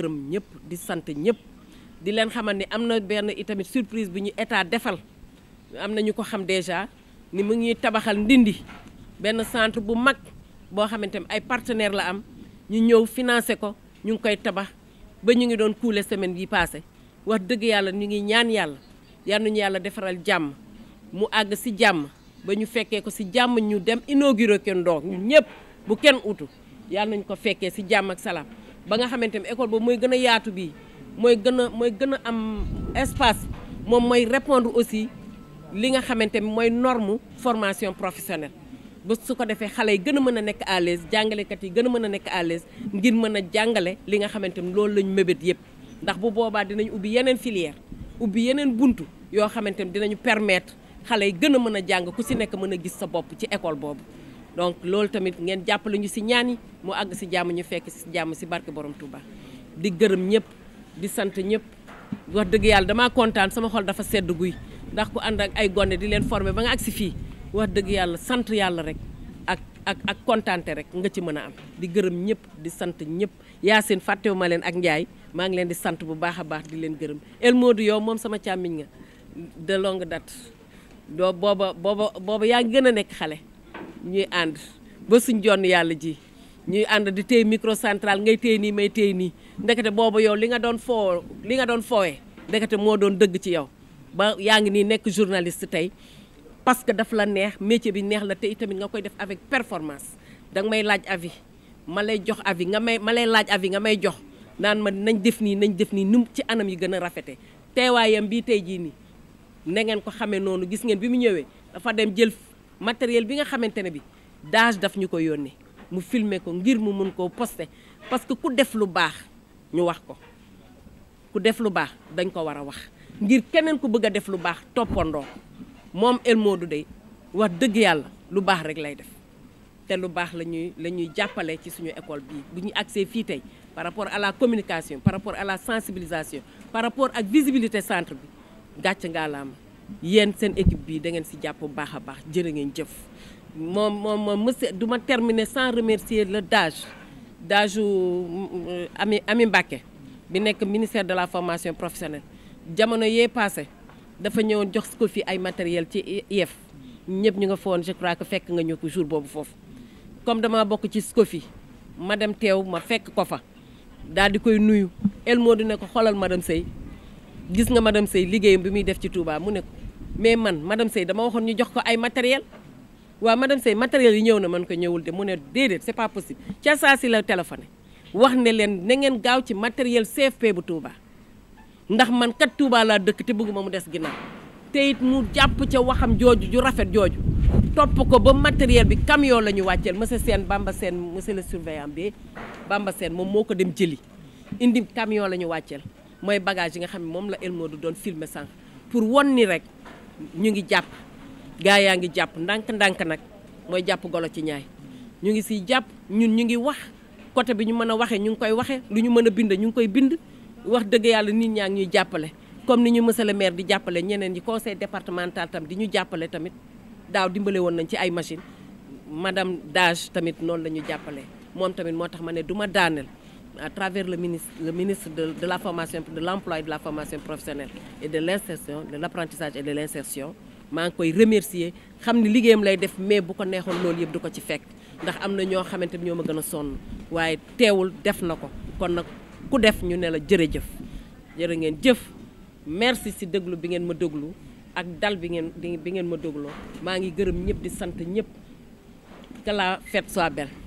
gërëm ñëpp di sant ñëpp di leen xamal ni am na benn itamit surprise bu ñu état defal am na ñu ko xam déjà ni mu ngi tabaxal ndindi benn centre bu mag boo xamante ne ay partenaire la am ñu ñëw financé ko ñu ngi koy tabax ba ñu ngi doon kuule semaine bi passé wax dëgg yàlla ñu ngi ñaan yàlla yal nañu yàlla defaral jàmm mu àgg si jàmm ba ñu fekkee ko si jàmm ñu dem inauguré kenn ndox ñun ñëpp bu kenn utu yàlla nañ ko fekkee si jàmm ak salaam ba nga xamante ne école boobu mooy gën a yaatu bii mooy gën a mooy gën a am espace moom mooy répondre aussi li nga xamante ne mooy norme formation professionnelle ba su ko defee xale yi gën a mën a nekk à l'aise jàngalekat yi gën a mën a nekk à l'aise ngir mën a jàngale li nga xamante ne loolu lañ mébét yëpp ndax bu boobaa dinañ ubbi yeneen filière ubbi yeneen buntu yoo xamante ne dinañu permettre xale yi gën a mën a jàng ku si nekk mën a gis sa bopp ci école boobu donc loolu tamit ngeen jàppale ñu si ñaan yi mu àgg si jàmm ñu fekk si jàmm si barke borom Touba di gërëm ñëpp di sant ñëpp wax dëgg yàlla damaa kontaan sama xol dafa sedd guy ndax ku ànd ak ay gone di leen former ba nga àgg si fii wax dëgg yàlla sant yàlla rek ak ak ak kontaante rek nga ci mën a am di gërëm ñëpp di sant ñëpp Yacine fàttewu ma leen ak njaay maa ngi leen di sant bu baax a baax di leen gërëm El Modou yow moom sama càmmiñ nga de longue doo booba booba booba yaa gën a nekk xale ñuy ànd ba suñ jonn yàlla ji ñuy ànd di téy microcentral ngay téy nii may téy nii ndekete booba yow li nga doon foo li nga doon foowee ndekete moo doon dëgg ci yow ba yaa ngi nii nekk journaliste tey parce que daf la neex métier bi neex la te itamit nga koy def avec performance danga may laaj avis ma lay jox avis nga may ma lay laaj avis nga may jox naan ma nañ def nii nañ def nii num ci anam yi gën a rafete teewaayam bii tey jii nii na ngeen ko xamee noonu gis ngeen bi mu ñëwee dafa dem jël matériel bi nga xamante ne bi daaj daf ñu ko yónnee mu filmer ko ngir mu mën koo poste parce que ku def lu baax ñu wax ko ku def lu baax dañ ko war a wax ngir keneen ku bëgg a def lu baax toppandoo moom El du day wax dëgg yàlla lu baax rek lay def te lu baax la ñuy la ñuy jàppale ci suñu école bi bu ñu accès fii tey par rapport à la communication par rapport à la sensibilisation par rapport ak visibilité centre bi gàcc ngaalaama yéen seen équipe bii da ngeen si jàpp bu baax a baax jërë ngeen jëf moom moom moom monsieur du ma terminer sans remercier le DAGE DAGE euh, ami ami Mbacke bi nekk ministère de la formation professionnel jamono yee passé dafa ñëwoon jox ko fi ay matériel ci IEF ñëpp ñu nga foon je crois que fekk nga ñu ko jour boobu foofu comme dama bokk ci SCOFI ma dem teew ma fekk ko fa daal di koy nuyu el moo di ne ko xoolal madame Seye gis nga ma madame Seye liggéeyam bi muy def ci Touba mu ne mais man madame Seye dama waxoon ñu jox ko ay matériel waaw madame Seye matériel yi ñëw na man ko ñëwul de mu ne déedéet c'est pas possible ca saa si la téléphone wax ne leen na ngeen gaaw ci matériel CFP bu Touba ndax man kat Touba laa dëkk te bëgguma mu des ginnaaw te it mu jàpp ca waxam jooju ju rafet jooju topp ko ba matériel bi camion la ñu wàcceel monsieur Sène Bamba seen monsieur le surveillant bi Bamba seen moom moo ko dem jëli indi camion la ñu wàcceel mooy bagage yi nga xam ne moom la El Modou doon filmer sànq pour won ni rek ñu ngi jàpp gaa yaa ngi jàpp ndànk-ndànk nag mooy jàpp golo ci ñaay ñu ngi siy jàpp ñun ñu ngi wax côté bi ñu mën a waxee ñu ngi koy waxee lu ñu mën a bind ñu ngi koy bind wax dëgg yàlla nit ñaa ngi ñuy jàppale comme ni ñu monsieur le maire di jàppale ñeneen ñi conseil départemental tam di ñu jàppale tamit daaw dimbale woon nañ ci ay machine madame Dage tamit noonu la ñu jàppale moom tamit moo tax ma ne duma ma daaneel à travers le ministre, le ministre de, la formation, de l'emploi et de la formation professionnelle et de l'insertion, de l'apprentissage et de l'insertion maa ngi koy remercier xam ni liggéeyam lay def mais bu ko neexoon loolu yëpp du ko ci fekk ndax am na ñoo xamante ni ñoo ma gën a sonn waaye teewul def na ko kon nag ku def ñu ne la jëf jërë ngeen jëf merci si déglu bi ngeen ma déglu ak dal bi ngeen bi ngeen ma dégloo maa ngi gërëm ñëpp di sant ñëpp que la fête soit belle